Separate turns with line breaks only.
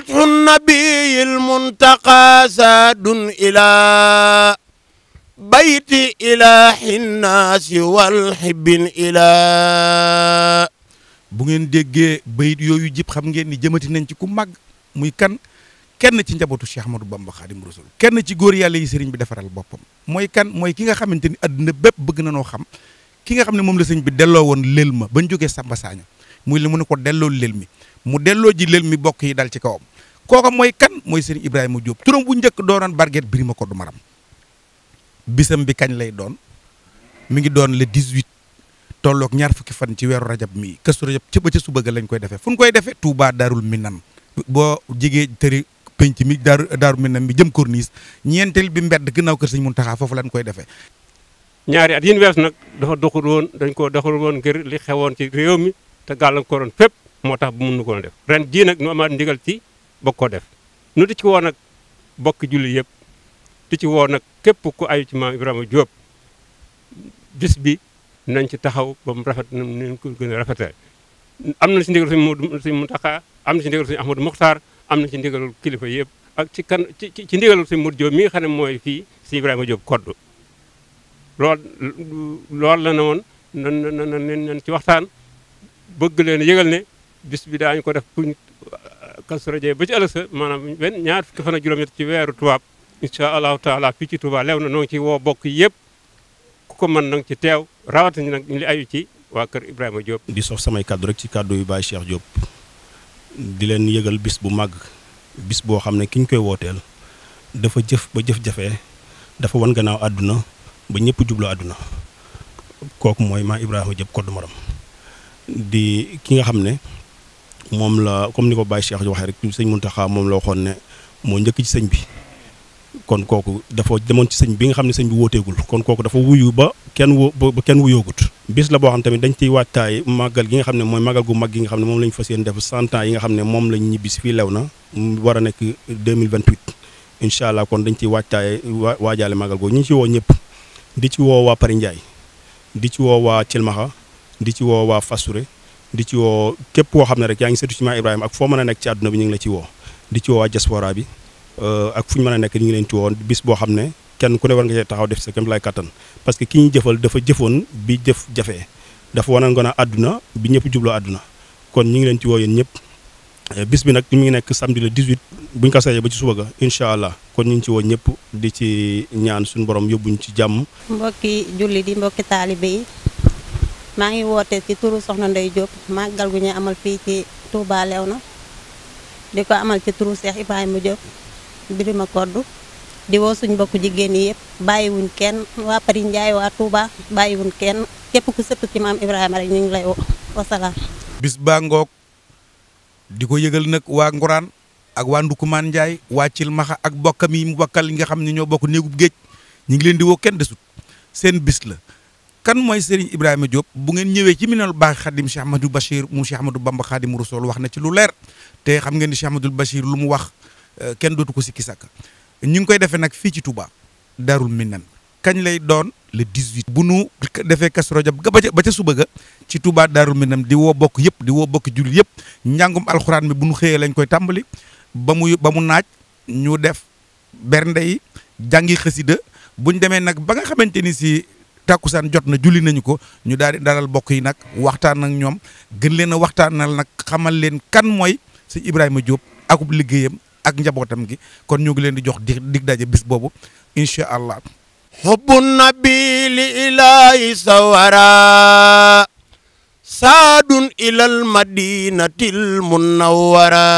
fatxu nabiyil muntaqa saadun ilaa bayti ilaahi naasi wal xibbin ilaa
bu ngeen déggee bayit yooyu jib xam ngeen ni jëmati nañ ci ku mag muy kan kenn ci njabootu Cheikh Ahmadou Bamba Xaadim Rasul kenn ci góor yàlla yi sëriñ bi defaral boppam mooy kan mooy ki nga xamante ni adduna bépp bëgg na noo xam ki nga xam ne moom la sëriñ bi delloo woon lël ma bañ jógee Samba muy li mu ne ko delloo lël mi mu delloo ji lël mi bokk yi dal ci kawam kooka mooy kan mooy sëriñ Ibrahima jóob turam bu njëkk doonoon barget birima ko du maram bisam bi kañ lay doon mu ngi doon le 18 tolloog ñaar fukki fan ci weeru rajab mi këstu rajab ci ba ca suba ga lañ koy defee fu koy defee Touba Darul Minan boo jigee tëri penc mi daaru daaru Minan bi jëm corniche ñeenteel bi mbedd ginnaaw kër sëñ taxaa foofu lañ koy defee.
ñaari at yin wees nag dafa doxul woon dañ ko doxul woon ngir li xewoon ci réew mi te gàllankooroon fépp moo tax bu mun ko def ren jii nag ñu ci. bokk koo def nu di ci woo nag bokk julli yëpp di ci woo nag képp ku ayu ci maam Ibrahima Diop bis bi nañ ci taxaw ba mu rafet nañ ko gën a rafetal am na ci ndigal suñu Muntaxa am na ci ndigal suñu Ahmadou Mokhtar am na ci ndigalul kilifa yëpp ak ci kan ci ci ndigalul suñu Modou Diop mi nga xam ne mooy fii si Ibrahima Diop koddu loolu loolu la ne woon nan nan nan nan ci waxtaan bëgg leen yëgal ne bis bi daañu ko def pour Kazu Rajab ba ci ëllëg sa maanaam benn ñaar fukki fan ak juróom-ñett ci weeru tubaab incha allahu taala fii ci Touba lew na noo ngi ci woo bokk yëpp ku ko mën nag ci teew rawatina nag li ayu ci waa kër Ibrahima Diop.
di sof samay kaddu rek ci kaddu yu Baye Cheikh Diop di leen yëgal bis bu màgg bis boo xam ne ki ñu koy wooteel dafa jëf ba jëf jafe dafa wan gannaaw àdduna ba ñëpp jublu àdduna kooku mooy maa Ibrahima Diop Koddu Maram di ki nga xam ne. moom la comme ni ko Baye Cheikh waxee rek sëñ Mountakha moom loo waxoon ne moo njëkk ci sëñ bi kon kooku dafa demoon ci sëñ bi nga xam ne sëñ bi wooteegul kon kooku dafa wuyu ba kenn wo ba kenn wuyoogut bis la boo xam tamit dañ ciy waajtaay màggal gi nga xam ne mooy màggal gu mag gi nga xam ne moom la ñu fas yéene def cent ans yi nga xam ne moom lañ ñibbi si fii lew na war a nekk 2028 incha allah kon dañ ciy waajtaay waajaale màggal googu ñu ci woo ñëpp di ci woo waa Pari Ndiaye di ci woo waa di ci woo waa di ci woo képp koo xam ne rek yaa ngi seetu ci maam Ibrahima ak foo mën a nekk ci àdduna bi ñu ngi la ci woo di ci woo waa diaspora bi euh, ak fu ñu mën a nekk ñu ngi leen ci woo bis boo def sa kéem lay bi jëf jafee dafa àdduna kon ñu ngi leen ci woo yéen ñëpp euh, bis bi nag ñu ngi nekk samedi le 18 bu ñu ko seeyee ba ci suba ga incha allah kon ñu ngi ci woo ñëpp di ci ñaan suñu borom yóbbuñ ci jàmm. mbokki julli di mbokki taalibe yi maa ngi woote ci turu soxna Ndey Diop màggal gu ñu amal fii ci Touba na di ko amal ci turu Cheikh Ibrahima Diop Birima Koddu di woo suñ bokk jigéen yi yëpp bàyyiwuñ kenn waa Paris Ndiaye waa Touba bàyyiwuñ kenn képp ku sëpp ci maam Ibrahima rek ñu ngi lay
wasalaam
bis baa ngoog di ko yëgal nag waa Nguraan ak waa Ndukumaan Ndiaye waa Cilmaxa ak bokkam yi mu bokkal yi nga xam ne ñoo bokk néegub géej ñu ngi leen di woo kenn desut seen bis la kan mooy Serigne Ibrahima Diop bu ngeen ñëwee ci minal baax xadim Cheikh Ahmadou Bachir mu Cheikh Ahmadou Bamba Xadim Rasul wax na ci lu leer te xam ngeen ni Cheikh Ahmadou Bachir lu mu wax euh, kenn dootu ko si kisàkk ñu ngi koy defee nag fii ci Touba daarul Minan kañ lay doon le 18. bu nu defee Kazu ga ba ca ba ca suba ga ci Touba Darul Minan di woo bokk yëpp di woo bokk jullit yëpp njàngum alxuraan bi bu nu xëyee lañ koy tàmbali ba mu ba mu naaj ñu def bernde yi jàngi xasida demee nag ba nga xamante ni si. tàkkusaan jot na julli nañu ko ñu daal di dalal bokk yi nag waxtaan ak ñoom gën leen waxtaan waxtaanal nag xamal leen kan mooy sëñ Ibrahima jóob ak liggéeyam ak njabootam gi kon ñu ngi leen di jox dig dig daje bis boobu incha allah.
xubbu nabi li ilaahi sawara saadun ilal madinatil munawara